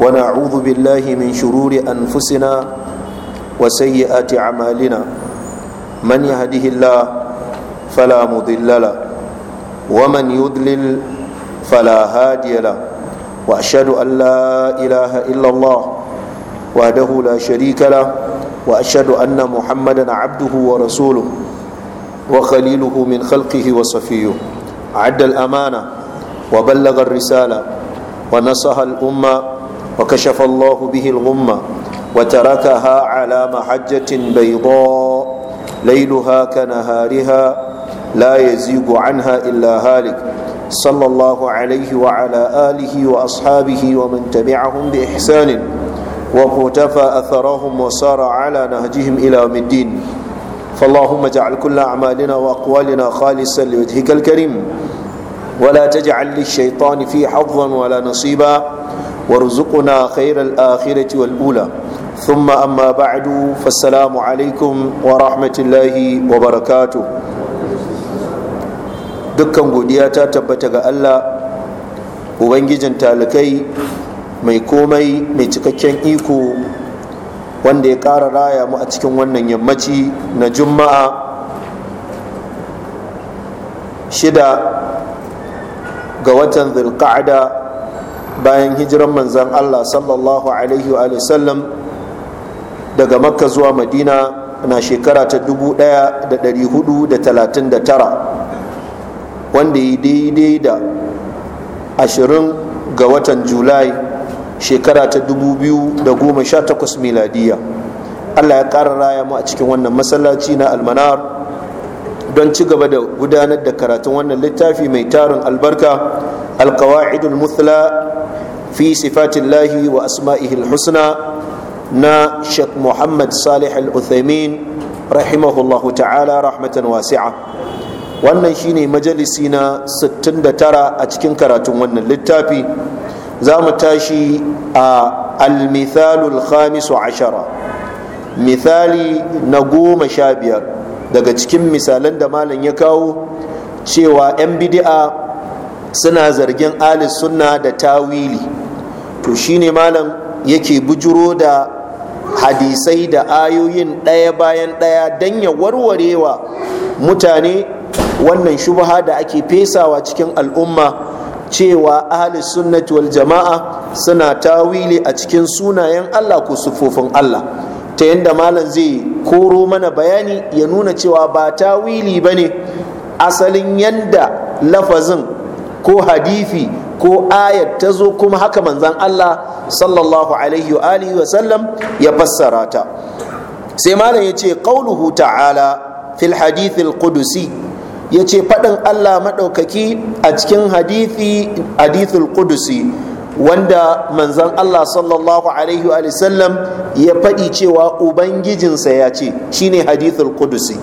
ونعوذ بالله من شرور أنفسنا وسيئات أعمالنا من يهده الله فلا مضل له ومن يضلل فلا هادي له وأشهد أن لا إله إلا الله وحده لا شريك له وأشهد أن محمدا عبده ورسوله وخليله من خلقه وصفيه عد الأمانة وبلغ الرسالة ونصح الأمة وكشف الله به الغمة وتركها على محجة بيضاء ليلها كنهارها لا يزيغ عنها إلا هالك صلى الله عليه وعلى آله وأصحابه ومن تبعهم بإحسان وقتفى أثرهم وسار على نهجهم إلى الدين فاللهم اجعل كل أعمالنا وأقوالنا خالصا لوجهك الكريم ولا تجعل للشيطان في حظا ولا نصيبا وارزقنا خير الآخرة والأولى ثم أما بعد فالسلام عليكم ورحمة الله وبركاته dukkan godiya ta tabbata ga Allah ubangijin talakai mai komai mai cikakken iko wanda ya ƙara raya mu a cikin wannan yammaci na juma'a shida ga watan zulqa'da bayan hijiran manzan Allah sallallahu alaihi wa sallam daga makka zuwa madina na shekara ta 1439 wanda yi daidai da 20 ga watan julai shekara ta 2018 miladiya Allah ya ƙara raya mu a cikin wannan masallaci na almanar don ci gaba da gudanar da karatun wannan littafi mai tarin albarka alkawa'idul muthla fi sifatillahi wa asma'ihi al-husna na Sheikh Muhammad Salih al-Uthaymin rahimahullahu ta'ala rahmatan wasi'a wannan shine majalisi na 69 a cikin karatun wannan littafi za mu tashi a al-mithalul khamisu ashara misali na goma sha biyar daga cikin misalan da malam ya kawo cewa 'yan bidi'a suna zargin alis sunna da tawili to shi ne malam yake bujuro da hadisai da ayoyin ɗaya bayan ɗaya don ya warwarewa mutane wannan shubha da ake fesawa cikin al'umma cewa ahli sunnati wal jama'a suna tawili a cikin sunayen Allah ko sufofin Allah ta yadda malam zai koro mana bayani ya nuna cewa ba tawili ba ne asalin yadda lafazin ko hadifi ko ayat ta zo kuma haka manzan Allah sallallahu alaihi wa alihi wa sallam ya fassara ta sai malam yace ce qauluhu ta'ala fil hadithil qudusi yace ce faɗin Allah maɗaukaki a cikin hadithi hadithul qudusi wanda manzan Allah sallallahu alaihi wa sallam ya faɗi cewa ubangijinsa ya ce shine hadithul qudusi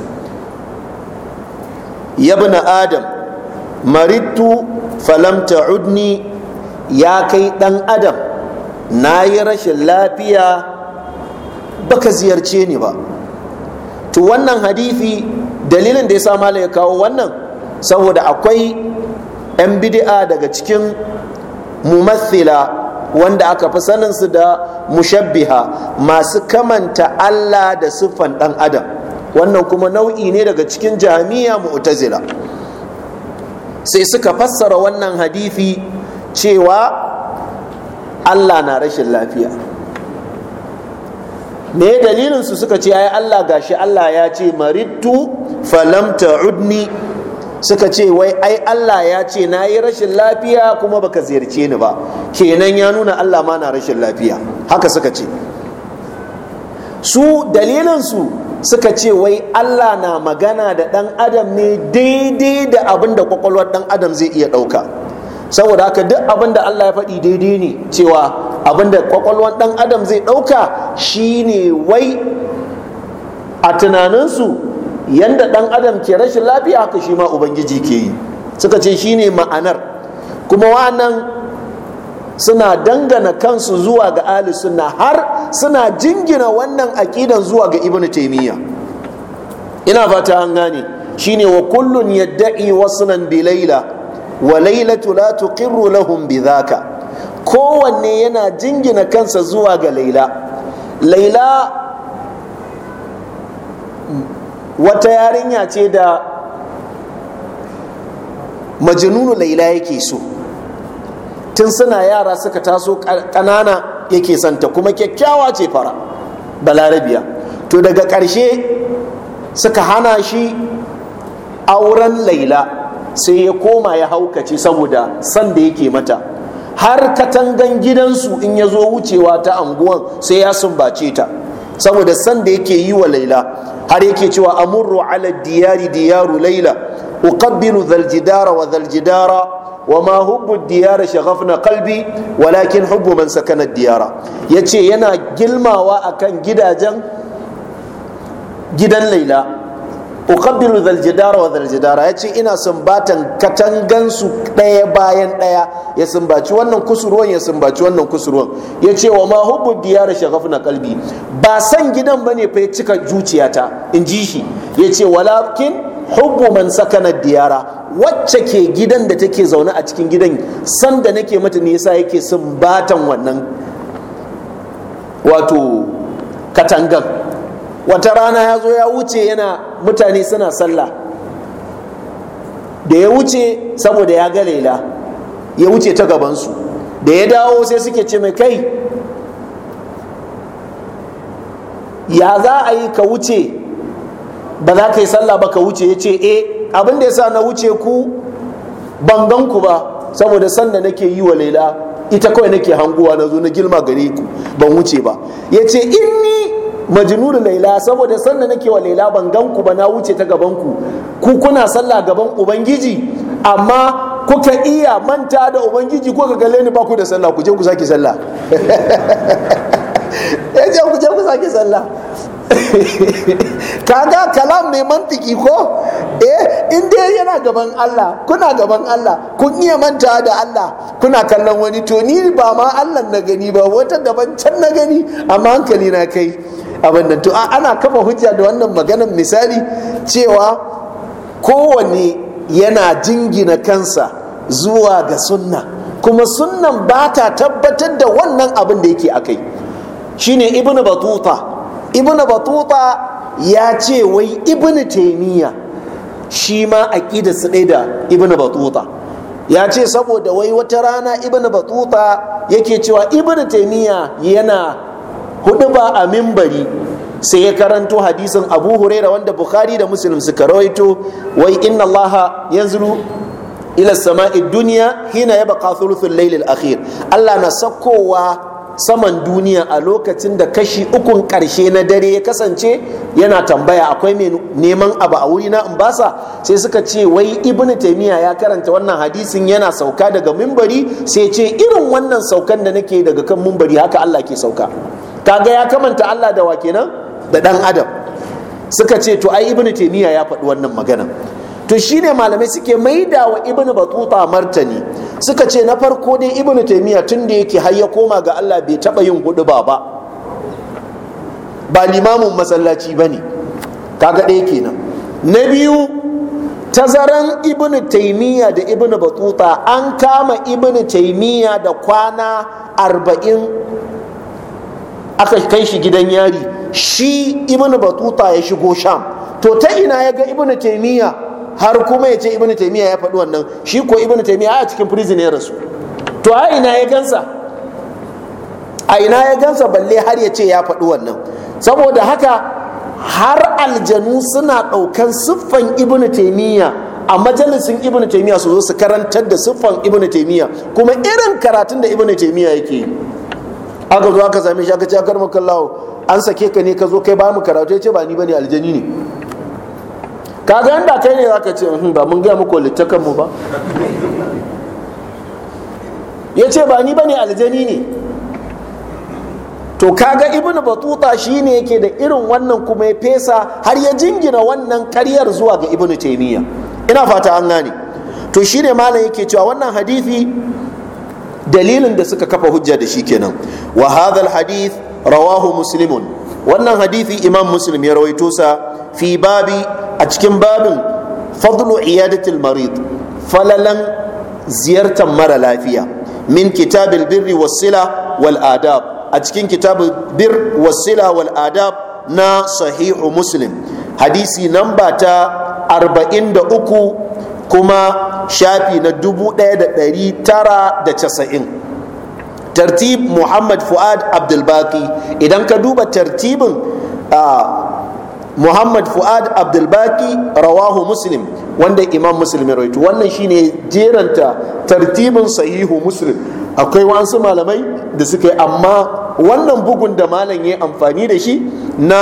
ya adam marittu falam udni ya kai dan adam na yi rashin lafiya baka ziyarce ni ba to wannan hadithi dalilin da ya sa mala ya kawo wannan saboda akwai 'yan bid'a daga cikin mumathila wanda aka fi saninsu da mushabbiha masu kamanta Allah da siffan ɗan adam wannan kuma nau'i ne daga cikin jami'a mu'tazila sai suka fassara wannan hadithi cewa Allah na rashin lafiya me dalilin su suka ce ai Allah gashi Allah ya ce Marittu falam ta'udni suka ce wai ai Allah ya ce na yi rashin lafiya kuma baka ziyarce ni ba kenan ya nuna Allah ma na rashin lafiya haka suka ce su dalilinsu suka ce wai Allah na magana da ɗan adam ne daidai da abin da kwakwalwar ɗan adam zai iya ɗauka saboda haka duk abin da Allah ya faɗi daidai ne cewa abin da kwakwalwar ɗan adam zai ɗauka shine wai a tunaninsu yadda ɗan adam ke rashin lafiya haka shi ma ubangiji ke yi suka ce shine ma'anar kuma wannan suna dangana kansu zuwa ga ahli har suna jingina wannan aƙidan zuwa ga ibn taimiyya ina fata an gane shine wa kullun yadda'i wasnan bi laila wa Laila la tuqirru lahum bi dhaka kowanne yana jingina kansa zuwa ga laila laila wata yarinya ce da majnunu laila yake so tun suna yara suka taso ƙanana yake santa kuma kyakkyawa ce fara balarabiya to daga ƙarshe suka hana shi auren laila sai ya koma ya haukace saboda san da yake mata har katangan gidansu in ya zo wucewa ta anguwan sai ya sumbace ta saboda san da yake yi wa laila har yake cewa amurru ala diyari diyaru laila uqabbilu zaljidara wa zaljidara. wa ma hubbu diyara shaghafna qalbi walakin hubbu man sakana diyara yace yana gilmawa akan gidajen gidan laila uqabbilu dhal jidara wa dhal jidara yace ina sumbatan katangan su daya bayan daya ya sumbaci wannan kusurwan ya sumbaci wannan kusurwan yace wa ma hubbu diyara shaghafna qalbi ba san gidan bane fa ya cika zuciyata in ji shi yace walakin hubbu man sakana diyara wacce ke gidan da take zaune a cikin gidan sanda nake mata ne yasa yake batan wannan wato katangan wata rana ya zo ya wuce yana mutane suna sallah da ya wuce saboda ya ga laila ya wuce ta gabansu da ya dawo sai suke ce mai kai ya za a yi ka wuce ba za ka yi sallah ba ka wuce ya ce e abin da ya sa na wuce ku ban gan ku ba saboda sanda nake yi wa laila ita kawai nake hanguwa na zo na girma gare ku ban wuce ba ya ce inni da laila saboda sanda nake wa laila ban gan ku ba na wuce ta gaban ku ku kuna sallah gaban ubangiji amma kuka iya manta da ubangiji ko ka gale ni ba ku da sallah ku je ku sake sallah ya ce ku sake sallah kaga kalam mai mantiki ko eh in dai yana gaban Allah kuna gaban Allah kun iya manta da Allah kuna kallon wani to ni ba ma Allah na gani ba wata daban can na gani amma hankali na kai abin nan to ana kafa hujja da wannan maganar misali cewa kowanne yana jingina kansa zuwa ga sunna kuma sunnan ba ta tabbatar da wannan abin da yake a akai shine ibnu batuta ibn batuta ya ce wai ibn taimiyya shi ma a aƙida su da ibn batuta ya ce saboda wai wata rana ibn batuta yake cewa ibn taimiyya yana hudu ba a mimbari sai ya karanto hadisin abu huraira wanda bukhari da muslim suka rawaito wai inna allaha yanzu ila sama'i duniya hina ya baka thuluthul lailil akhir allah na sakowa saman duniya a lokacin da kashi ukun karshe na dare ya kasance yana tambaya akwai mai neman abu a wuri na in basa sai suka ce wai ibnu taimiya ya karanta wannan hadisin yana sauka daga mimbari sai ce irin wannan saukan da nake daga kan mimbari haka Allah ke sauka kaga ya kamanta Allah da wa kenan da ɗan adam suka ce to ai ibnu taimiya ya faɗi wannan magana to shine malamai suke maida wa ibnu batuta martani suka ce na farko dai ibnu taymiya tun da yake har ya koma ga Allah bai taba yin hudu ba ba ba limamin masallaci bane kaga ɗaya kenan na biyu tazaran ibnu taymiya da ibnu batuta an kama ibnu taymiya da kwana arba'in aka kai shi gidan yari shi ibnu batuta ya shigo sham to ta ina ya ga ibnu taymiya har kuma ya ce ibnu taimiya ya faɗi wannan shi ko ibnu taimiya a cikin prison ya rasu to a ina ya gansa a ina ya gansa balle har ya ce ya faɗi wannan saboda haka har aljanu suna ɗaukan siffan ibnu taimiya a majalisin ibnu taimiya su zo su karantar da siffan ibnu taimiya kuma irin karatun da ibnu taimiya yake yi aka zo aka same shi aka ce an sake ka ne ka zo kai ba mu karatu ya ce ba ni bane aljani ne kaga yanda kai ne zaka ce hmm, ba mun gaya muku littakan mu ba ya ce ba ni bane aljani ne to kaga ibnu batuta shine yake da irin wannan kuma ya fesa har ya jingina wannan karyar zuwa ga ibnu taymiya ina fata an gane to shine malam yake cewa wannan hadithi? dalilin da suka kafa hujja da shi kenan wa hadha alhadith rawahu muslimun wannan hadithi imam muslim ya rawaito sa fi babi a cikin babin fadlu iyadatul marid falalan ziyartar mara lafiya min kitabil birri wasila wal adab a cikin kitabul bir wasila wal adab na sahihu muslim hadisi namba ta 43 kuma shafi na 1990 tartib muhammad fuad abdulbaki idan ka duba tartibin ah, muhammad fuad abdulbaki rawahu muslim wanda imam muslim ya rawaito wannan shine jeranta tartibin sahihu muslim akwai wasu malamai da suka yi amma wannan bugun da malam ya amfani da shi na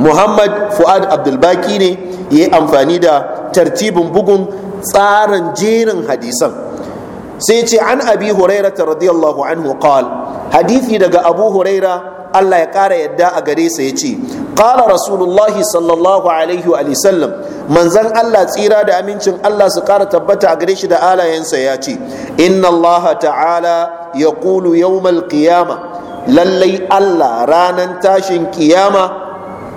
muhammad fuad abdulbaki ne ya amfani da tartibin bugun tsarin jerin hadisan sai ce an abi huraira ta radiyallahu anhu qal Hadisi daga abu huraira Allah ya kara yadda a gare sa ya ce qala rasulullahi sallallahu alaihi wa sallam manzan Allah tsira da amincin Allah su kara tabbata a gare shi da alayensa ya ce inna Allah ta'ala ya kulu yawmal kiyama lallai Allah ranan tashin kiyama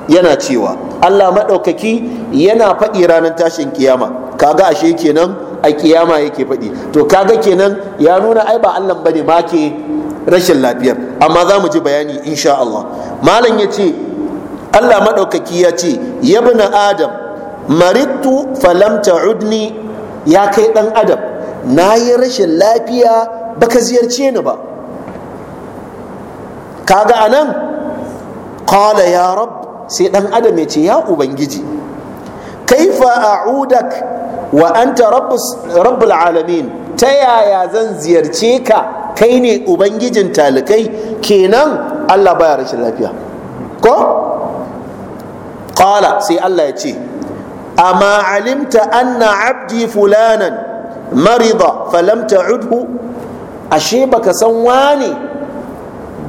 yana cewa Allah maɗaukaki yana faɗi ranar tashin kiyama kaga ashe kenan a kiyama yake faɗi to kaga kenan ya nuna ai ba Allah bane ma ke rashin lafiyar amma za mu ji bayani insha Allah malam ya ce Allah maɗaukaki ya ce yabna adam marittu falamta udni ya kai ɗan adam na yi rashin lafiya baka ziyarce ni ba kaga anan qala ya rab sai ɗan adam ya ce ya ubangiji kaifa a'udak wa anta rabbul alamin ta yaya zan ziyarce ka kai ne ubangijin talikai kenan Allah baya rashin lafiya ko qala sai Allah ya ce amma alimta anna abdi fulanan marida falam ta'udhu ashe baka san wani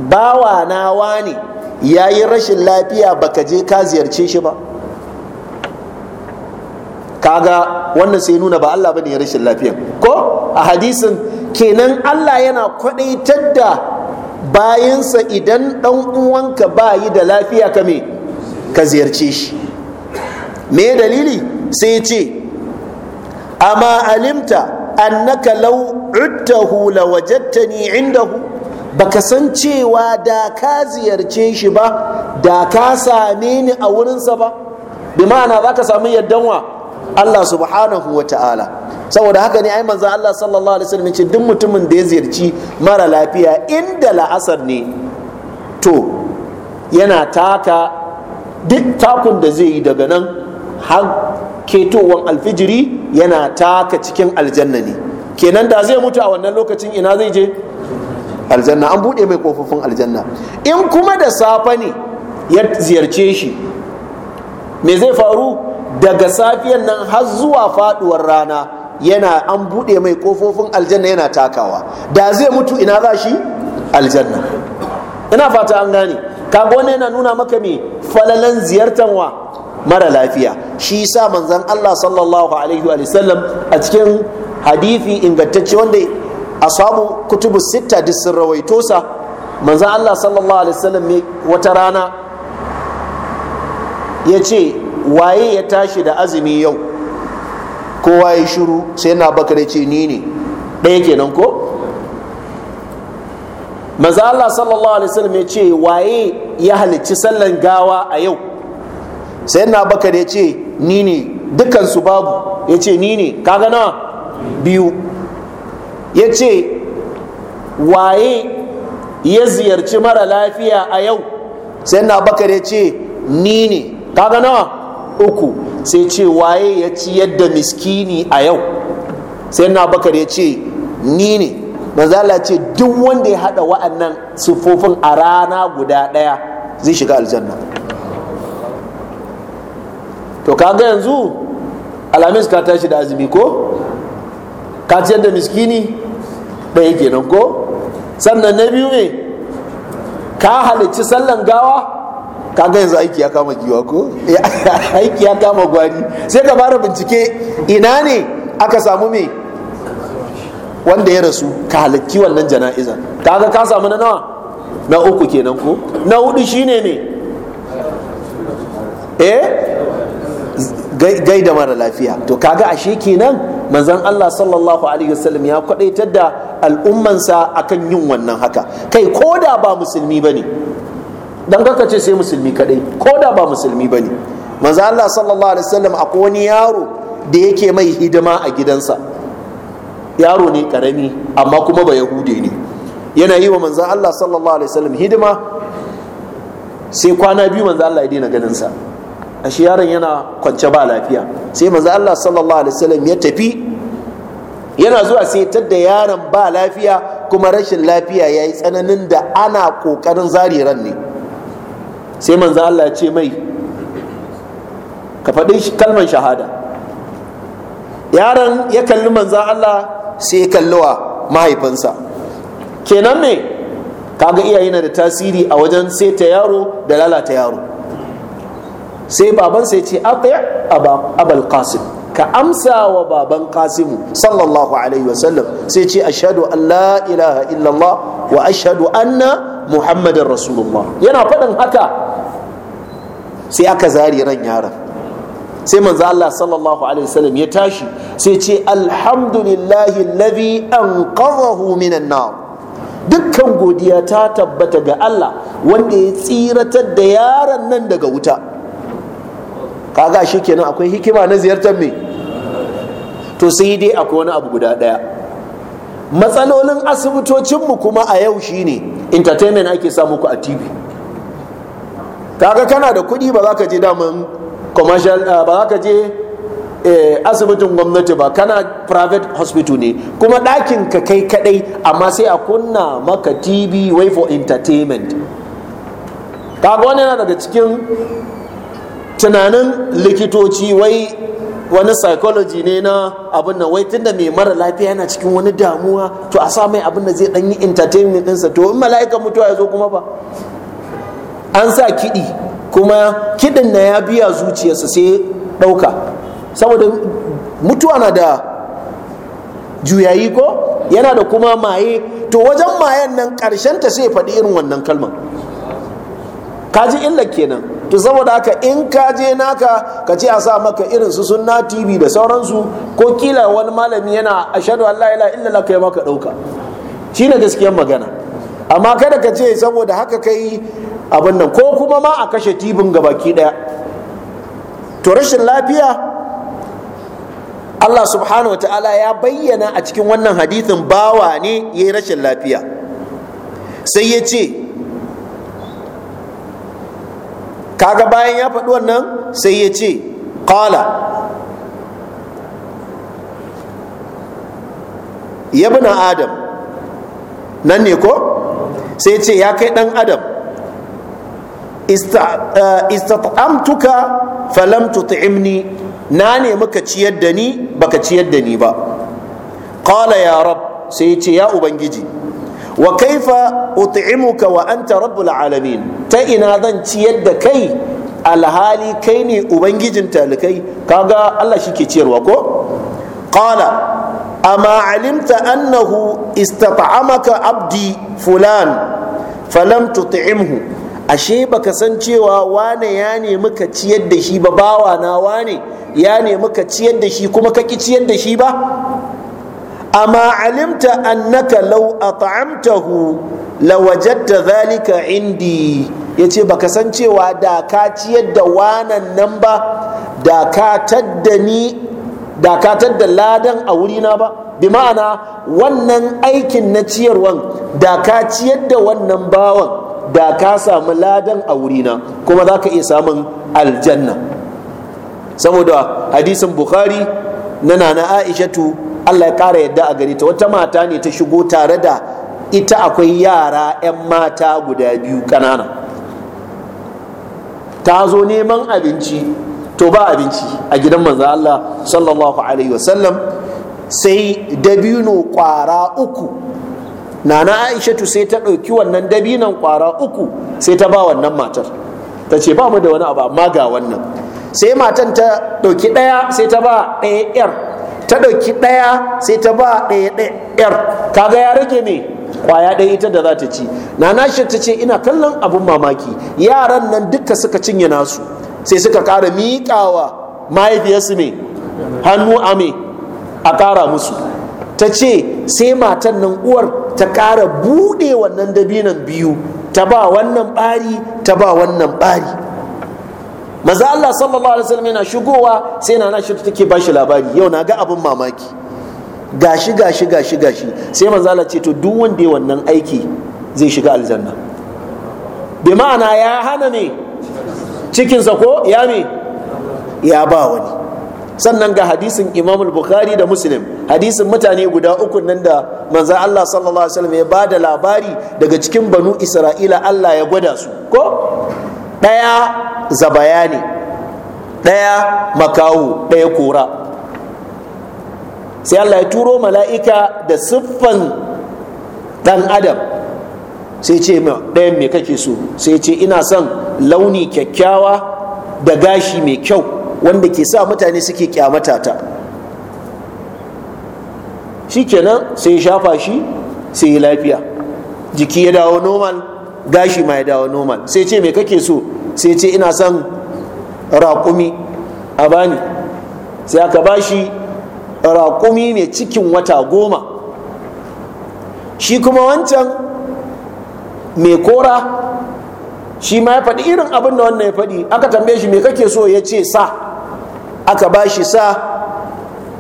bawa na wani yayi rashin lafiya baka je ka ziyarce shi ba kaga wannan sai nuna ba Allah bane ya rashin lafiyan ko a hadisin kenan Allah yana kwadaitar da bayansa idan dan uwanka bayi da lafiya ka me ka ziyarce shi me dalili sai ce amma alimta annaka law uttahu lawajadtani indahu baka san cewa da ka ziyarce shi ba da ka same ni a wurinsa ba bi ma'ana za ka samu yardan wa Allah subhanahu wa ta'ala saboda haka ne ai manzon Allah sallallahu alaihi wasallam ce duk mutumin da ya ziyarci mara lafiya inda la'asar ne to yana taka duk takun da zai yi daga nan har ketowar alfijiri yana taka cikin aljanna ne kenan da zai mutu a wannan lokacin ina zai je aljanna an buɗe mai kofofin aljanna in kuma da safe ne ya ziyarce shi me zai faru daga safiyan nan har zuwa faɗuwar rana yana an buɗe mai kofofin aljanna yana takawa da zai mutu ina za shi aljanna ina fata an gane kaga wannan yana nuna maka me falalan ziyartar wa mara lafiya shi yasa manzon Allah sallallahu alaihi wa sallam a cikin hadisi ingantacce wanda ashabu kutubu sitta duk sun rawaito sa manzon Allah sallallahu alaihi wa sallam wata rana ya ce waye ya tashi da azumi yau kowa ya shiru sai na bakare ce ni ne ɗaya kenan ko manzo Allah sallallahu alaihi wasallam ya ce waye ya halicci sallan gawa a yau sai na bakar ya ce ni ne dukkan su babu ya ce ni ne kaga nawa biyu ya ce waye ya ziyarci mara lafiya a yau sai na bakar ya ce ni ne kaga nawa uku sai ce waye ya ci yadda miskini a yau sai na bakar ya ce ni ne manzala ce duk wanda ya hada wa'annan siffofin a rana guda daya zai shiga aljanna to kaga yanzu alhamis ka tashi da azumi ko ka ciyar da miskini ɗaya kenan ko sannan na biyu ne ka halicci sallan gawa kaga yanzu aiki ya kama giwa ko aiki ya kama gwari sai ka fara bincike ina ne aka samu me wanda ya rasu ka halarci wannan jana'izar kaga ka samu na nawa na uku kenan ko na hudu shine ne eh gaida mara lafiya to kaga ashe kenan manzon Allah sallallahu alaihi wasallam ya kwadaitar da al'ummansa akan yin wannan haka kai ko da ba musulmi bane dan kaka ce sai musulmi kadai ko da ba musulmi bane manzon Allah sallallahu alaihi wasallam akwai wani yaro da yake mai hidima a gidansa yaro ne karami amma kuma ba yahude ne yana yi wa manzan Allah sallallahu alaihi wasallam hidima sai kwana biyu manzan Allah ya daina ganinsa. sa ashe yaron yana kwance ba lafiya sai manzan Allah sallallahu alaihi wasallam ya tafi yana zuwa sai da yaron ba lafiya kuma rashin lafiya ya yi tsananin da ana kokarin zari ran ne sai manzan Allah ce mai ka faɗi kalmar shahada yaron ya kalli manzan Allah sai ya kallowa mahaifinsa kenan ne? kaga iyaye na da tasiri a wajen saita yaro da lalata yaro sai baban sai ce ati abal qasim ka amsa wa baban qasimu sallallahu alaihi wasallam sai ce ashhadu an la ilaha illallah wa ashhadu anna muhammadin rasulullah yana faɗin haka sai aka zari ran yaron sai manzo Allah sallallahu alaihi wasallam ya tashi sai ce alhamdulillahi alladhi anqadhahu minan nar dukkan godiya ta tabbata ga Allah wanda ya tsiratar da yaran nan daga wuta kaga shi kenan akwai hikima na ziyartar me to sai dai akwai wani abu guda daya matsalolin asibitocin mu kuma a yau shine entertainment ake samu ku a tv kaga kana da kuɗi ba za ka je daman commercial uh, ba za ka je eh, asibitin gwamnati ba kana private hospital ne kuma ɗakin ka kai kadai amma sai a kunna maka tv way for entertainment kaga wani yana daga cikin tunanin likitoci wai wani psychology ne na abin nan wai tunda mai mara lafiya yana cikin wani damuwa to a sa mai abin da zai dan yi entertainment ɗinsa to in mala'ikan mutuwa ya zo kuma ba an sa kiɗi kuma kiɗin na ya biya zuciyarsa sai ɗauka saboda mutuwa na da juyayi ko yana da kuma maye to wajen mayan nan ta sai faɗi irin wannan kalmar kaji illa kenan to saboda haka in ka je naka ka ce a sa maka irin su sunna tv da sauransu ko kila wani malami yana ashadu allah ila illa illallah kai maka ɗauka Shi shine gaskiyar magana amma kada ka ce saboda haka kai abin nan ko kuma ma a kashe tibin gabaki daya to rashin lafiya Allah subhanahu ta'ala ya bayyana a cikin wannan hadithin bawa ne ya yi rashin lafiya sai ya ce kaga bayan ya faɗi wannan sai ya ce ƙala ya adam nan ne ko sai ya ce ya kai ɗan adam Eh, istat'amtuka falam tut'imni na ne maka ciyar da ni baka ciyar da ni ba qala ya rab sai ya ce ya ubangiji wa kaifa ut'imuka wa anta rabbul alamin ta ina zan ciyar da kai alhali kai ne ubangijin talikai kaga Allah shike ciyarwa ko qala amma alimta annahu istat'amaka abdi fulan falam tut'imhu ashe baka san cewa wane ya nemi ka ciyar da shi ba bawa na wane ya nemi ka ciyar da shi kuma ka ki ciyar da shi ba amma alimta annaka law at'amtahu lawajadta zalika indi yace baka san cewa da ka ciyar da wanan nan ba da ka tadda ni da ka tadda ladan a wurina ba bi ma'ana wannan aikin na ciyarwan da ka ciyar da wannan bawan da ka samu ladan a wurina kuma za ka iya samun aljanna saboda hadisin bukhari na nana aishatu allah ya kara yadda a gare ta wata mata ne ta shigo tare da ita akwai yara 'yan mata guda biyu ƙanana ta zo neman abinci to ba abinci a gidan manzo allah sallallahu alaihi wasallam sai dabino kwara uku nana aishatu sai ta ɗauki wannan dabinan ƙwara uku sai ta ba wannan matar ta ce ba mu da wani abu amma ga wannan sai matan ta ɗauki ɗaya sai ta ba ɗaya yar ta ɗauki ɗaya sai ta ba ɗaya yar kaga ya rage ne kwaya ɗaya ita da za ta ci nana shi ta ce ina kallon abun mamaki yaran nan duka suka cinye nasu sai suka ƙara miƙawa mahaifiyarsu ne hannu a a ƙara musu ta ce sai matan nan uwar ta ƙara buɗe wannan dabinan biyu ta ba wannan ɓari ta ba wannan ɓari maza Allah sallallahu alaihi wasallam yana shigowa sai na nashi take ba shi labari yau na ga abin mamaki gashi gashi gashi gashi sai maza Allah ce to duk wanda ya wannan aiki zai shiga aljanna bi ma'ana ya hana ne cikinsa ko ya ne ya ba wani sannan ga hadisin imam bukhari da muslim hadisin mutane guda uku nan da manzan allah sallallahu alaihi wasallam ya ba da labari daga cikin banu isra'ila allah ya gwada su ko ɗaya zabaya ne ɗaya makawo ɗaya kora sai allah ya turo mala'ika da siffan ɗan adam sai ce ɗayan me kake so sai ce ina son launi kyakkyawa da gashi mai kyau wanda ke sa mutane suke kyamata ta shikenan sai ya shafa shi sai yi lafiya jiki ya dawo normal gashi ma ya dawo normal sai ce me kake so sai ce ina son raƙumi a bani sai aka shi raƙumi ne cikin wata goma shi kuma wancan mai kora shi ma ya faɗi irin abin da wannan ya faɗi aka tambaye shi me kake so ya ce sa aka ba shi sa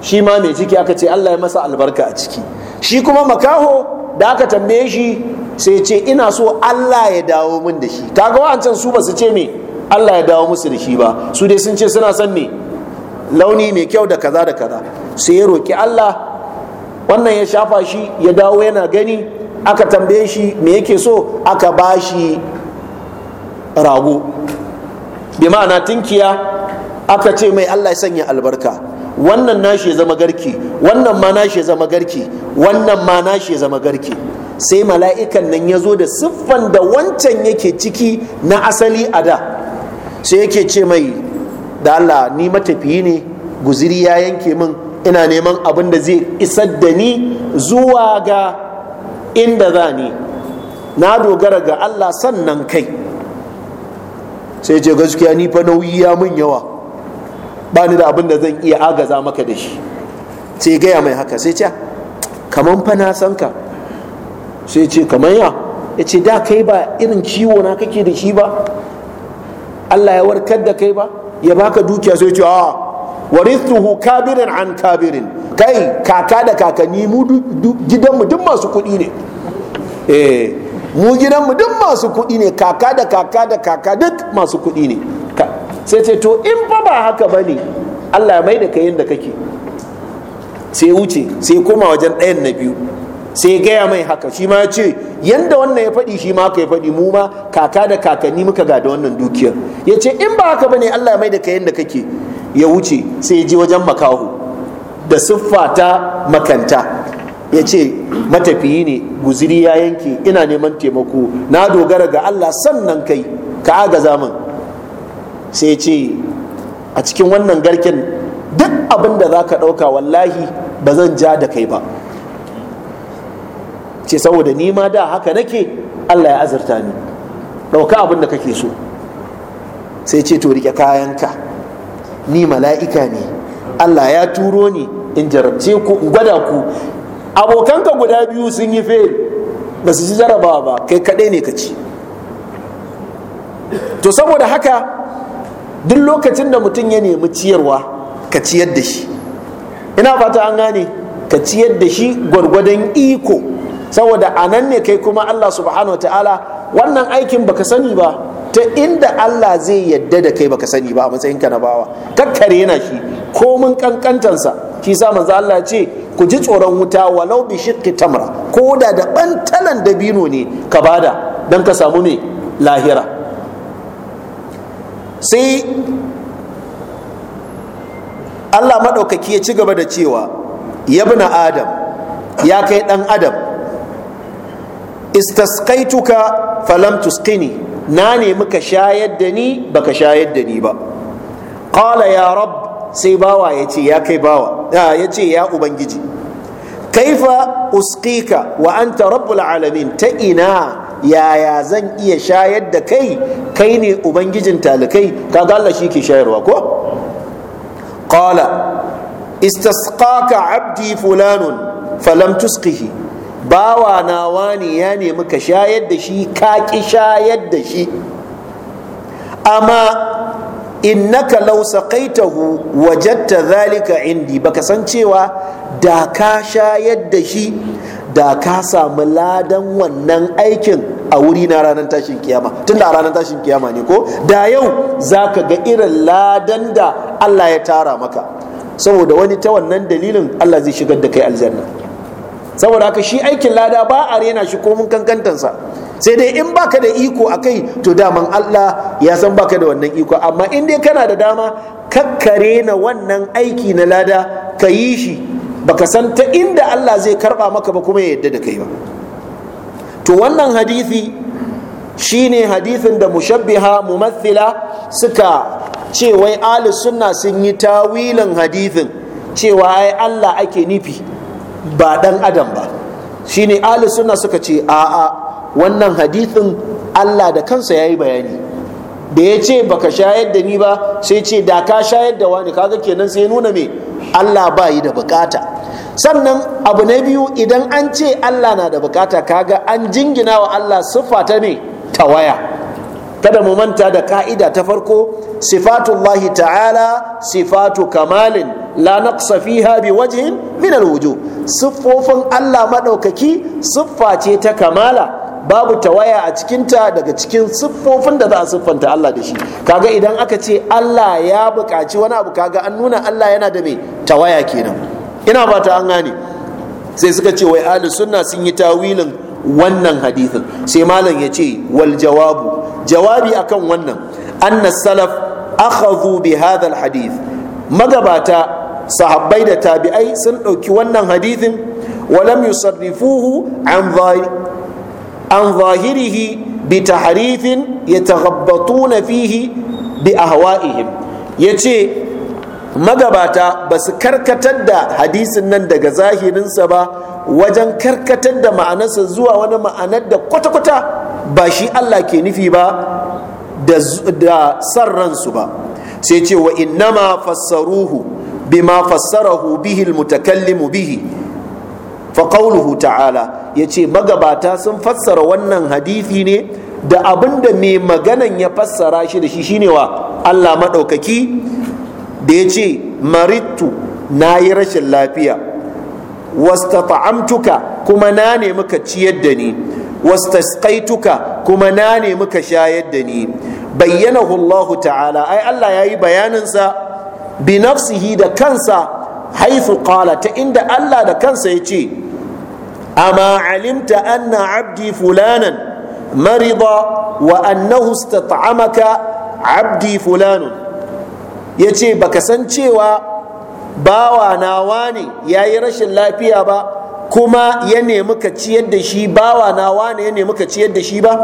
shi ma mai ciki aka ce Allah ya masa albarka a ciki shi kuma makaho da aka tambaye shi sai ce ina so Allah ya dawo mun da shi kaga can su ba su ce me Allah ya dawo musu da shi ba su dai sun ce suna son me launi mai kyau da kaza da kaza sai ya roki Allah wannan ya shafa shi ya dawo yana gani aka tambaye shi me yake so aka ba shi rago bi ma'ana tinkiya aka ce mai Allah ya sanya albarka wannan nashi ya zama garki wannan ma nashi ya zama garki wannan ma nashi ya zama garki sai mala'ikan nan ya zo da siffan da wancan yake ciki na asali a da sai yake ce mai da Allah ni matafiyi ne guziri ya yanke min ina neman abin da zai isar da ni zuwa ga inda za ni na dogara ga Allah sannan kai sai ce gaskiya ni fa nauyi ya min yawa ba ni da abin da zan iya agaza maka da shi sai gaya mai haka sai ce ah, kaman fa na san ka sai ce kaman ya ya ce da kai ba irin ciwo na kake da shi ba Allah ya warkar da kai ba ya baka dukiya sai ce a ah, warithuhu kabirin an kabirin kai kaka da kakanni mu gidanmu duk masu kuɗi ne eh mu gidanmu duk masu kuɗi ne kaka da kaka da kaka duk masu kuɗi ne sai ce to in fa ba haka ba ne allah mai da kayan da kake sai wuce sai koma wajen ɗayan na biyu sai gaya mai haka shi ma ce yadda wannan ya faɗi shi ma ya faɗi mu ma kaka da kakanni muka gada wannan dukiyar ya ce in ba haka ba ne allah mai da kayan da kake ya wuce sai ya je wajen makaho da siffa ta makanta ya ce matafiyi ne guziri ya yanke ina neman taimako na dogara ga allah sannan kai ka agaza min sai ce a cikin wannan garken duk abin da za ka ɗauka wallahi ba zan ja da kai ba ce saboda ni da haka nake allah ya azurta ni ɗauka abin da kake so sai ce to rike kayanka ni mala'ika ne allah ya turo ni in jarabce ku in gwada ku abokanka guda biyu sun yi fail ba su ci jarabawa ba kai kaɗai ne ka ci to saboda haka duk lokacin da mutum ya nemi ciyarwa ka ciyar da shi ina fata an gane ka ciyar da shi gwargwadon iko saboda a nan ne kai kuma Allah subhanahu ta'ala wannan aikin baka sani ba ta inda Allah zai yadda da kai baka sani ba a matsayinka na bawa kakkare yana shi komin kankantansa shi sa manzo Allah ce ku ji tsoron wuta walau bi shiqqi tamra ko da da bantalan dabino ne ka bada dan ka samu me lahira sai Allah maɗaukaki ya ci gaba da cewa yabna adam ya kai ɗan adam istaskaituka falam tuskini na nemi ka shayar da ni baka shayar da ni ba qala ya rab sai bawa ya ce ya kai bawa ya ce ya ubangiji kaifa uskika wa anta rabbul alamin ta ina yaya zan iya shayar da kai kai ne ubangijin talikai kaga Allah shi ke shayarwa ko qala istasqaka abdi fulanun falam tusqihi bawa na wani ya nemi ka shayar da shi ka ki shayar da shi amma innaka law saqaitahu wajadta dhalika indi baka san cewa da ka shayar da shi da ka samu ladan wannan aikin a wuri na ranar tashin kiyama tunda a ranar tashin kiyama ne ko da yau za ka ga irin ladan da Allah ya tara maka saboda wani ta wannan dalilin Allah zai shigar da kai aljanna saboda haka shi aikin lada ba a rena shi komun kankantansa sai dai in baka da iko a kai to daman Allah ya san baka da wannan iko amma in dai kana da dama kakkare na wannan aiki na lada ka yi shi baka san ta inda Allah zai karba maka ba kuma ya yadda da kai ba to wannan hadithi shine hadithin da mushabbiha mumathila suka ce wai ahli sunna sun yi tawilin hadithin cewa ai Allah ake nufi ba dan adam ba shine ahli sunna suka ce a'a wannan hadithin Allah da kansa yayi bayani da ya ce baka shayar da ni ba sai ce da ka shayar da wani kaga kenan sai nuna me Allah ba yi da bukata sannan abu na biyu idan an ce Allah na da bukata kaga an jingina wa Allah siffa ta ne ta waya kada mu manta da ka'ida ta farko sifatullahi ta'ala sifatu kamalin la naqsa fiha bi wajhin min alwujuh siffofin Allah maɗaukaki siffa ce ta kamala babu tawaya a cikinta daga cikin siffofin da za a siffanta Allah da shi kaga idan aka ce Allah ya buƙaci wani abu kaga an nuna Allah yana da mai tawaya kenan ina fata an gane sai suka ce wai ahli sunna sun yi tawilin wannan hadithin sai malam ya ce wal jawabu jawabi akan wannan anna salaf akhadhu bi hadha al hadith magabata sahabbai da tabi'ai sun ɗauki wannan hadithin walam yusarrifuhu an an zahirihi bi taharifin yataghabbatuna fihi bi ahwa'ihim yace magabata ba su karkatar da hadisin nan daga zahirinsa ba wajen karkatar da ma'anarsa zuwa wani ma'anar da kwata-kwata ba shi Allah ke nufi ba da san ransu ba sai ce wa innama fassaruhu bima fassarahu bihi almutakallimu bihi fa qawluhu ta'ala yace magabata sun fassara wannan hadisi ne da abin da mai maganan ya fassara shi da shi shine wa Allah maɗaukaki da yace ce marittu na yi rashin lafiya wastata'amtuka kuma na ne muka ciyar da ni wastasqaituka kuma na ne muka shayar da ni bayyanahu Allah ta'ala ai Allah yayi bayanin sa bi nafsihi da kansa haifu kala ta inda Allah da kansa ya ce amma alimta anna abdi fulanan marida wa annahu istat'amaka abdi fulanun ya ce baka san cewa bawa nawa ne ya yi rashin lafiya ba kuma ya nemi ka ciyar da shi bawa nawa ne ya nemi ka ciyar da shi ba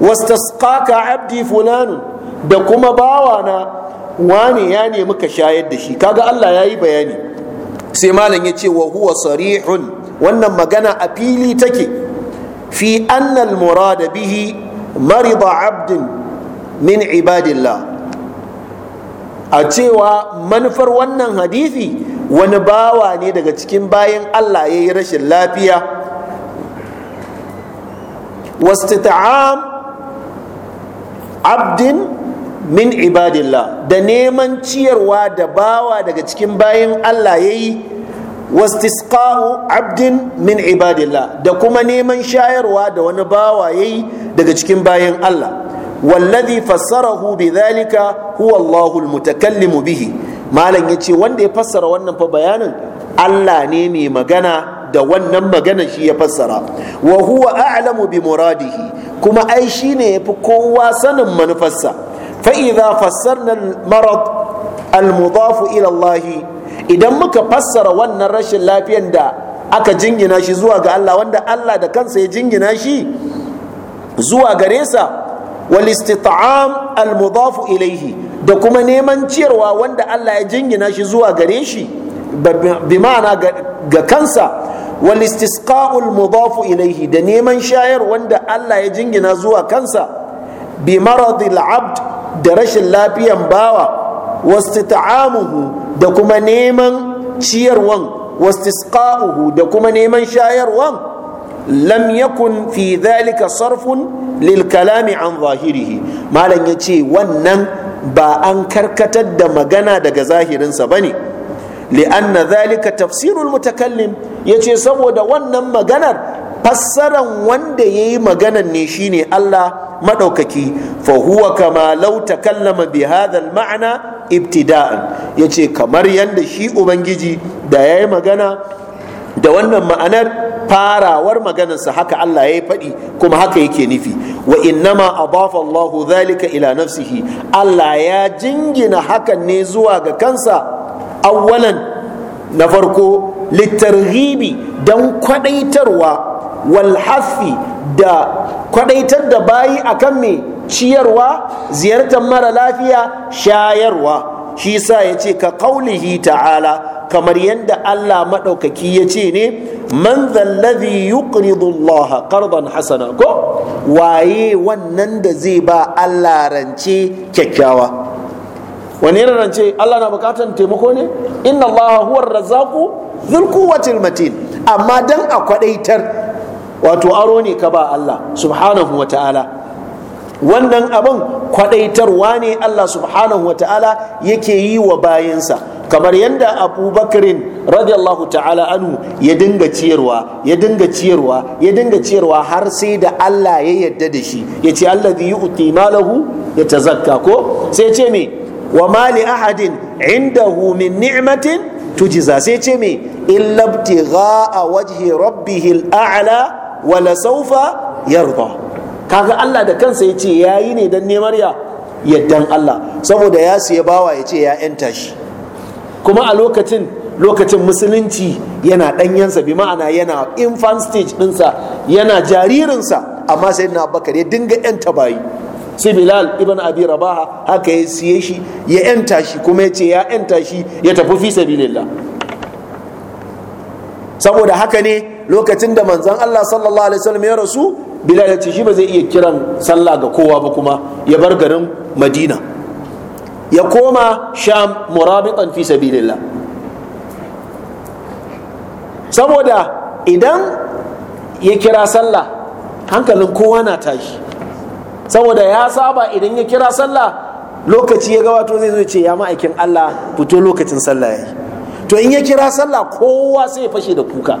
wastasqaka abdi fulanun da kuma bawa na wane ya nemi ka shayar da shi kaga Allah ya yi bayani sai malam ya ce wa huwa sarihun wannan magana a fili take fi annal murada bihi marida abdin min ibadillah a cewa manufar wannan hadithi wani bawa ne daga cikin bayan Allah ya yi rashin lafiya wasu abdin min ibadillah da neman ciyarwa da bawa daga cikin bayan Allah ya yi wastisqa'u abdin min ibadillah da kuma neman shayarwa da wani bawa ya yi daga cikin bayan Allah wallazi fassarahu bidhalika huwa Allahul mutakallimu bihi malam yace wanda ya fassara wannan fa bayanin Allah ne mai magana da wannan magana shi ya fassara wa huwa a'lamu bi muradihi kuma ai shine yafi kowa sanin manufarsa fa'iza fassarna marad almudafu ila idan muka fassara wannan rashin lafiyan da aka jingina shi zuwa ga Allah wanda Allah da kansa ya jingina shi zuwa gare sa wal istit'am al ilayhi da kuma neman ciyarwa wanda Allah ya jingina shi zuwa gare shi bi ma'ana ga kansa wal istisqa'ul ilaihi. ilayhi da neman shayar wanda Allah ya jingina zuwa kansa bi maradil abd da rashin lafiyan bawa wasu ta'amuhu da kuma neman ciyarwan wasu da kuma neman shayarwan lam yakun fi dhalika sarfun lil kalami an zahirihi malam ya ce wannan ba an karkatar da magana daga zahirinsa ba ne li'anna dhalika tafsirul mutakallim yace saboda wannan maganar fassaran wanda ya yi maganan ne shine Allah maɗaukaki fa huwa kama lau takallama bi hadhal ma'ana ibtida'an yace kamar yadda shi ubangiji da ya yi magana da wannan ma'anar farawar maganarsa haka Allah ya yi faɗi kuma haka yake nufi wa innama adafa Allahu zalika ila nafsihi Allah ya jingina hakan ne zuwa ga kansa awwalan na farko ribi, don kwadaitarwa Walhafi da kwadaitar da bayi akan mai ciyarwa ziyartar mara lafiya shayarwa shi sa ya ce ka kaulihi ta'ala kamar yadda Allah maɗaukaki ya ce ne man zallazi yuqridu Allah qardan hasana ko waye wannan da zai ba Allah rance kyakkyawa wani yana rance Allah na bukatar taimako ne inna Allah huwa razzaqu dhul quwwatil amma dan a kwadaitar wato aro ne ka ba Allah subhanahu wa ta'ala wannan abin kwadaitarwa ne Allah subhanahu wa ta'ala yake yi wa bayansa kamar yadda abubakarin radiyallahu ta'ala anhu ya dinga ciyarwa ya dinga ciyarwa ya dinga ciyarwa har sai da Allah ya yadda da shi ya ce allazi yu'ti malahu ya tazakka ko sai ce me wa mali ahadin indahu min ni'matin tujiza sai ce me illa ibtigha'a wajhi rabbihil a'la wala saufa yarda kaga Allah da kansa ya ce ya yi ne don neman ya yaddan Allah saboda ya siya bawa ya ce ya yanta shi kuma a lokacin lokacin musulunci yana ɗanyensa bi ma'ana yana infant stage ɗinsa yana jaririnsa amma sai na bakar ya dinga yanta bayi sai bilal ibn abi rabaha haka ya siye shi ya yanta tashi kuma ya ce ya yanta shi ya tafi fi sabilillah saboda haka ne lokacin da manzon Allah sallallahu alaihi wasallam ya rasu bilal ya ce shi ba zai iya kiran sallah ga kowa ba kuma ya bar garin madina ya koma sham murabitan fi sabilillah saboda idan ya kira sallah hankalin kowa na tashi saboda ya saba idan ya kira sallah lokaci ya gabato zai zo ce ya ma'aikin Allah fito lokacin sallah yayi to in ya kira sallah kowa sai ya fashe da kuka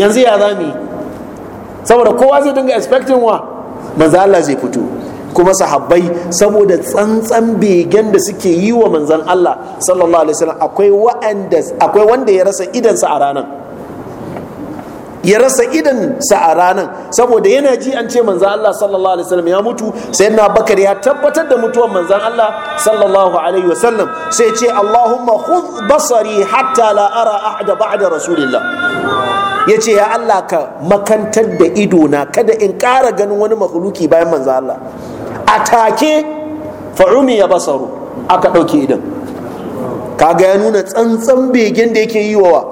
yanzu ya za mu saboda kowa zai dinga expecting wa manzo Allah zai fito kuma sahabbai saboda tsantsan begen da suke yi wa manzan Allah sallallahu alaihi wasallam akwai wa'anda akwai wanda ya rasa idan sa a ranan ya rasa idan sa a ranan saboda yana ji an ce manzan Allah sallallahu alaihi wasallam ya mutu sayyidina Bakar ya tabbatar da mutuwar manzan Allah sallallahu alaihi wasallam sai ce Allahumma khudh basari hatta la ara ahada ba'da rasulillah ya ce ya Allah ka makantar da idona kada in kara ganin wani makhluki bayan manzo Allah a take fa'umi ya basaru aka ɗauke idan kaga ya nuna tsantsan begen da yake yi wa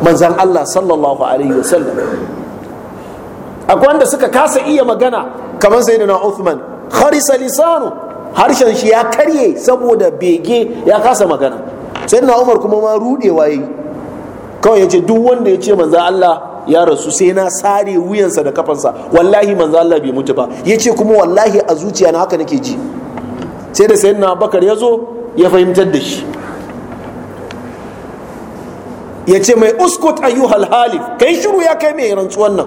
manzan Allah sallallahu alaihi wasallam akwai wanda suka kasa iya magana kamar sai da Uthman kharisa lisanu harshen shi ya karye saboda bege ya kasa magana sayyidina Umar kuma ma rudewa yayi kawai ya ce duk wanda ya ce manzan Allah ya rasu sai na sare wuyansa da kafansa wallahi manzan Allah bai mutu ba ya ce kuma wallahi a zuciya na haka nake ji sai da na bakar ya zo ya fahimtar da shi ya ce mai uskut ayyuhal halif kai shiru ya kai mai rantsuwar nan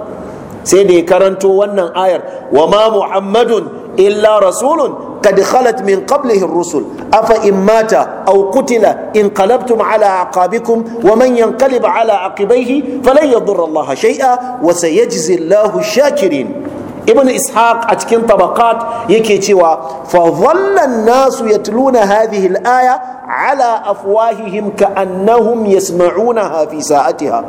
sai da ya karanto wannan ayar wa ma muhammadun illa rasulun قد خلت من قبله الرسل أفإن مات أو قتل انقلبتم على أعقابكم ومن ينقلب على عقبيه فلن يضر الله شيئا وسيجزي الله الشاكرين ابن إسحاق أتكن طبقات يكي تيوا فظل الناس يتلون هذه الآية على أفواههم كأنهم يسمعونها في ساعتها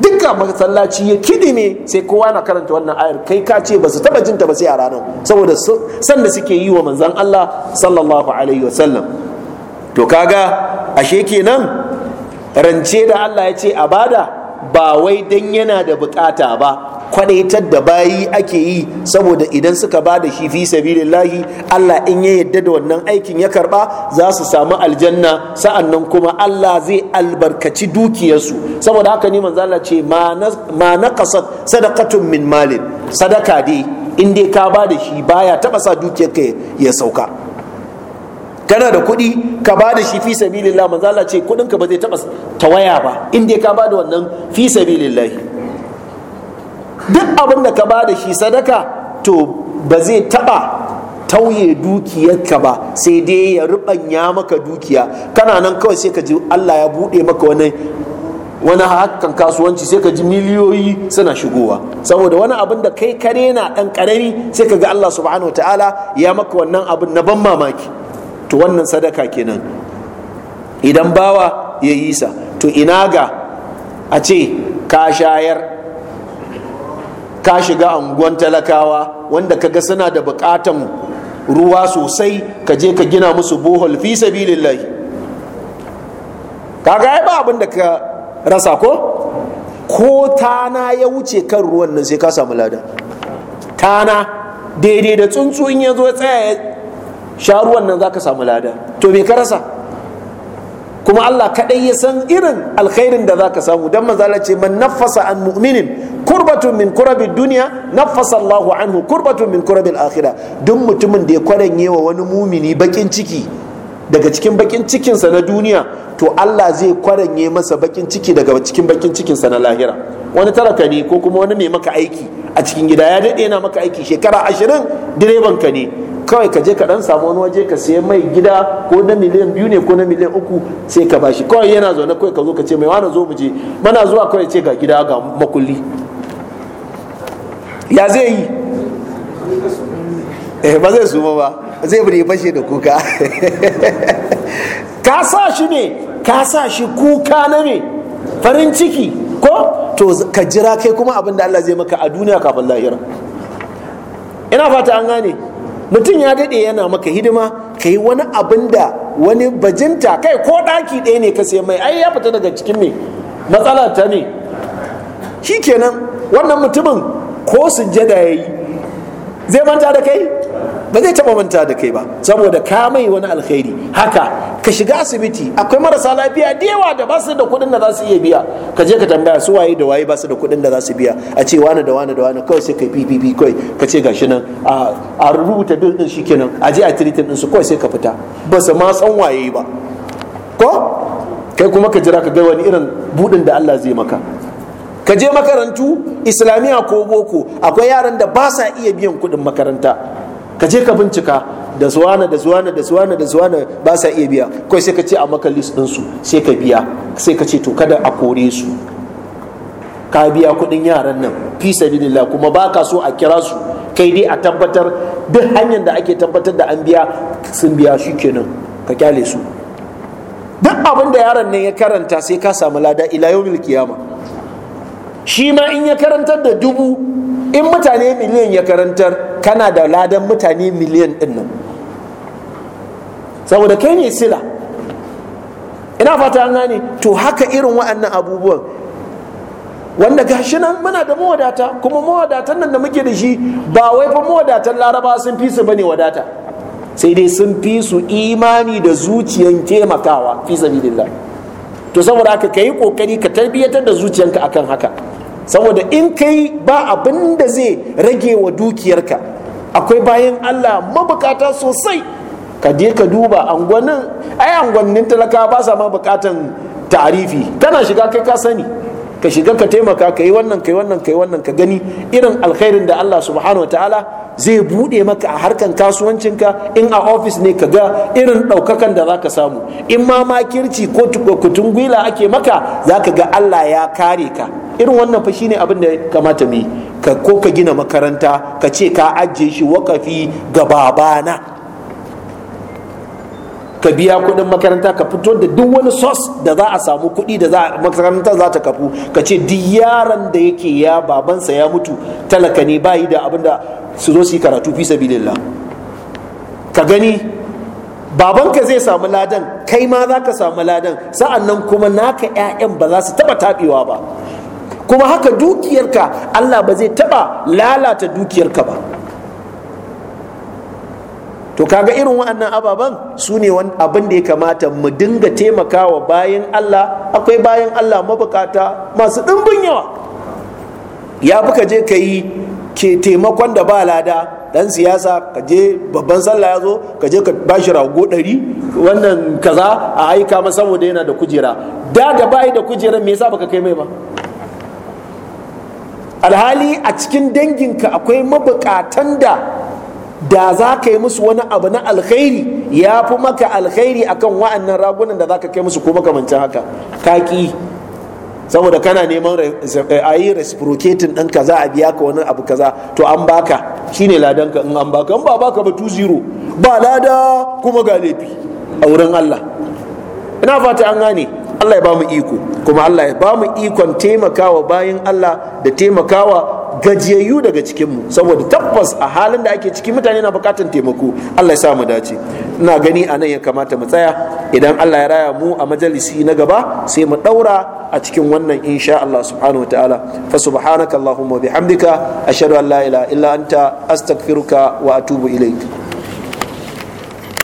duka masallaci ya kidime sai kowa na karanta wannan ayar kai ka ce ba su taba jinta ba sai a ranar saboda sanda suke yi wa manzan Allah sallallahu alaihi wasallam to kaga ashe kenan rance da Allah ya ce a ba wai dan yana da bukata ba kwadaitar da bayi ake yi saboda idan suka ba da shi fi sabilillahi Allah in ya yadda da wannan aikin ya karba za su samu aljanna sannan kuma Allah zai albarkaci dukiyarsu saboda haka ne manzo Allah ce ma naqasat sadaqatun min malin sadaka dai in dai ka ba da shi baya taba sa dukiyar ka ya sauka kana da kuɗi ka ba da shi fi sabilillah manzo Allah ce kuɗinka ba zai taba tawaya ba in dai ka ba da wannan fi sabilillahi duk abin da ka ba da shi sadaka to ba zai taɓa tauye dukiyarka ba sai dai ya ruɓanya maka dukiya kana nan kawai sai ka ji allah ya buɗe maka wani wani hakan kasuwanci sai ka ji miliyoyi suna shigowa saboda wani abin da kai kare na dan karami sai ka ga Allah subhanahu wa ta'ala ya maka wannan abin na ban mamaki to wannan sadaka kenan idan bawa ya yi sa to ina ga a ce ka shayar ka shiga anguwan talakawa wanda kaga suna da bukatan ruwa sosai ka je ka gina musu bohol fi sabilillahi kaga ai ba abin da ka rasa ko ko tana ya wuce kan ruwan nan sai ka samu lada tana daidai da tsuntsu in ya zo tsaya sha ruwan nan za ka samu lada to me ka rasa kuma Allah kaɗai ya san irin alkhairin da za ka samu don mazala ce man nafasa an mu'minin kurbatun min kurabi duniya nafasa Allahu anhu kurbatun min kurabi akhirah duk mutumin da ya kwaranye wa wani mumini bakin ciki daga cikin bakin cikinsa na duniya to Allah zai kwaranye masa bakin ciki daga cikin bakin cikinsa na lahira wani talaka ne ko kuma wani mai maka aiki a cikin gida ya daɗe yana maka aiki shekara ashirin direban ka ne kawai ka je ka ɗan samu wani waje ka sayi mai gida ko na miliyan biyu ne ko na miliyan uku sai ka bashi kawai yana zaune kawai ka zo ka ce mai wani zo mu je mana zuwa kawai ce ga gida ga makulli ya zai yi eh ba zai suma ba zai bude fashe da kuka ka sa shi ne ka sa shi kuka na ne farin ciki ko to ka jira kai kuma abin da Allah zai maka a duniya kafin lahira ina fata an gane mutum ya daɗe yana maka hidima ka yi wani abin da wani bajinta kai ko ɗaki ɗaya ne ka sai mai ai ya fita daga cikin me matsala ta ne kenan wannan mutumin ko sujjada yi. zai manta da kai ba zai taba manta da kai ba saboda ka mai wani alkhairi haka ka shiga asibiti akwai marasa lafiya da yawa da ba su da kuɗin da za su iya biya ka je ka tambaya su waye da waye ba su da kuɗin da za su biya a ce wani da wani da wani kawai sai ka ppp kawai ka ce gashi nan a rubuta bil din shi kenan a je a tiritin din su kawai sai ka fita ba su ma san waye ba ko kai kuma ka jira ka ga wani irin budin da Allah zai maka ka je makarantu islamiyya ko boko akwai yaran da ba sa iya biyan kuɗin makaranta ka je ka bincika da zuwana da zuwana da zuwana da zuwana ba sa iya biya kai sai ka ce a maka list ɗinsu sai ka biya sai ka ce to kada a kore su ka biya kuɗin yaran nan fi sabilillah kuma ba ka so a kira su kai dai a tabbatar duk hanyar da ake tabbatar da an biya sun biya shi kenan ka kyale su duk abin da yaron nan ya karanta sai ka samu lada ila yawmil kiyama shi ma in ya karantar da dubu in mutane miliyan ya karantar kana da ladan mutane miliyan dinnan? nan saboda kai ne sila ina fata an gane to haka irin waɗannan abubuwan wanda gashi nan muna da mawadata kuma mawadatan nan da muke da shi ba wai fa mawadatan laraba sun fi su bane wadata sai dai sun fi su imani da zuciyan taimakawa fi sabilillah to saboda haka ka yi kokari ka tarbiyyatar da zuciyanka akan haka saboda in kai ba abin da zai rage wa dukiyarka akwai bayan Allah mabukata sosai ka je ka duba angonin ai angonin talaka ba sa mabukatan bukatan kana shiga kai ka sani ka shiga ka taimaka ka yi wannan ka yi wannan ka yi wannan ka gani irin alkhairin da Allah subhanahu wataala zai bude maka a harkan kasuwancinka in a ofis ne ka ga irin ɗaukakan da zaka samu in ma makirci ko gwila ake maka zaka ga Allah ya kare ka irin wannan fa shine abin da kamata mu ka ko ka gina makaranta ka ce ka ajiye shi wakafi ga babana ka biya kuɗin makaranta ka fito da duk wani sos da za a samu kuɗi da za makaranta za ta kafu ka ce duk yaran da yake ya babansa ya mutu talaka ne bayi da abin da su zo su yi karatu fi sabilillah ka gani babanka zai samu ladan kai ma za ka samu ladan sa'an nan kuma naka 'ya'yan ba za su taba taɓewa ba kuma haka dukiyarka Allah ba zai taba lalata dukiyarka ba to kaga irin waɗannan ababen su ne abin da ya kamata mu dinga taimakawa bayan Allah akwai bayan Allah mabukata masu ɗimbin yawa ya fi ka je ka yi ke taimakon da ba lada dan siyasa ka je babban sallah ya zo ka je ka bashi rago ɗari wannan kaza a aika masa saboda yana da kujera da da bayi da kujera me yasa baka kai mai ba alhali a cikin danginka akwai mabukatan da da za ka yi musu wani abu na alkhairi ya fi maka alkhairi akan wa'annan ragunan da za ka kai musu ko makamancin haka ki saboda kana neman eh, a yi reciprocating ɗin kaza a biya ka wani abu kaza to an baka shine ladanka in an baka in ba baka ba 2-0 ba lada kuma ga laifi a wurin Allah ina fata an gane Allah ya ba mu iko kuma Allah ya ba mu ikon taimakawa bayan Allah da taimakawa gajiyayyu daga cikinmu saboda tabbas a halin da ake ciki mutane na bukatar taimako Allah ya sa mu dace ina gani a nan ya kamata mu tsaya idan Allah ya raya mu a majalisi na gaba sai mu ɗaura a cikin wannan insha Allah subhanahu wataala fa subhanaka allahumma bihamdika ashhadu an la ilaha illa anta astaghfiruka wa atubu ilaik